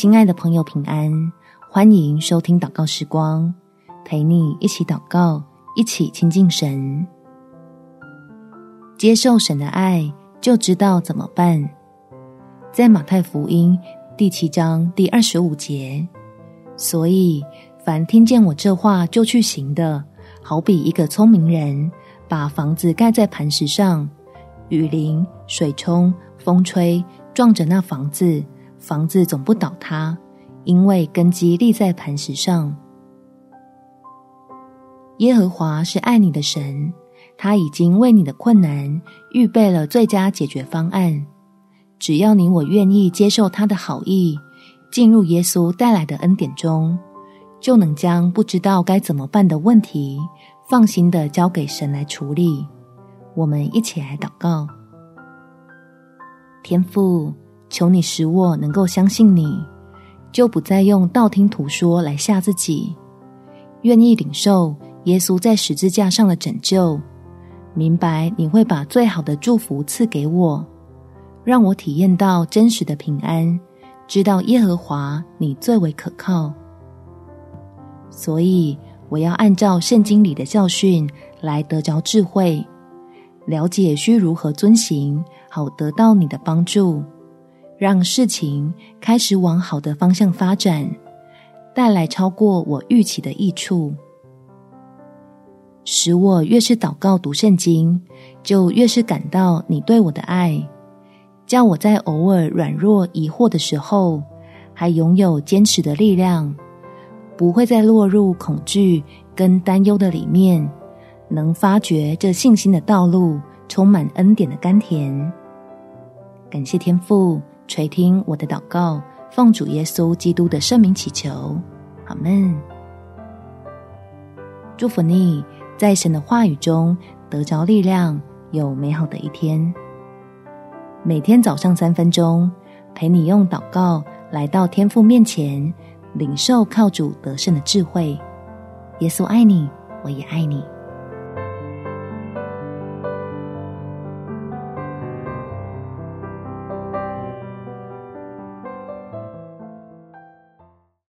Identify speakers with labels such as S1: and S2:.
S1: 親愛的朋友，平安！歡迎收聽禱告時光，陪你一起禱告，一起親近神，接受神的愛，就知道怎麼辦。在馬太福音第七章第二十五節，所以凡聽見我這話就去行的，好比一個聰明人把房子蓋在磐石上，雨淋、水沖、風吹，撞着那房子。房子總不倒塌，因為根基立在磐石上。耶和華是愛你的神，他已經為你的困難預備了最佳解決方案。只要你我願意接受他的好意，進入耶穌帶來的恩典中，就能將不知道該怎麼辦的問題放心的交給神來處理。我們一起來禱告。天父。求你使我能夠相信你，就不再用道聽途說來嚇自己，願意領受耶穌在十字架上的拯救，明白你會把最好的祝福賜給我，讓我體驗到真實的平安，知道耶和華你最為可靠。所以我要按照聖經裡的教訓來得着智慧，了解須如何遵行，好得到你的幫助。讓事情開始往好的方向發展，帶來超過我預期的益處。使我越是禱告讀聖經，就越是感到你對我的愛，叫我在偶爾軟弱疑惑的時候，還擁有堅持的力量，不會再落入恐懼跟擔憂的裡面，能發覺這信心的道路充滿恩典的甘甜。感謝天父，垂聽我的禱告，奉主耶穌基督的聖名祈求，阿門。祝福你在神的話語中得着力量，有美好的一天。每天早上三分鐘，陪你用禱告來到天父面前，領受靠主得勝的智慧。耶穌愛你，我也愛你。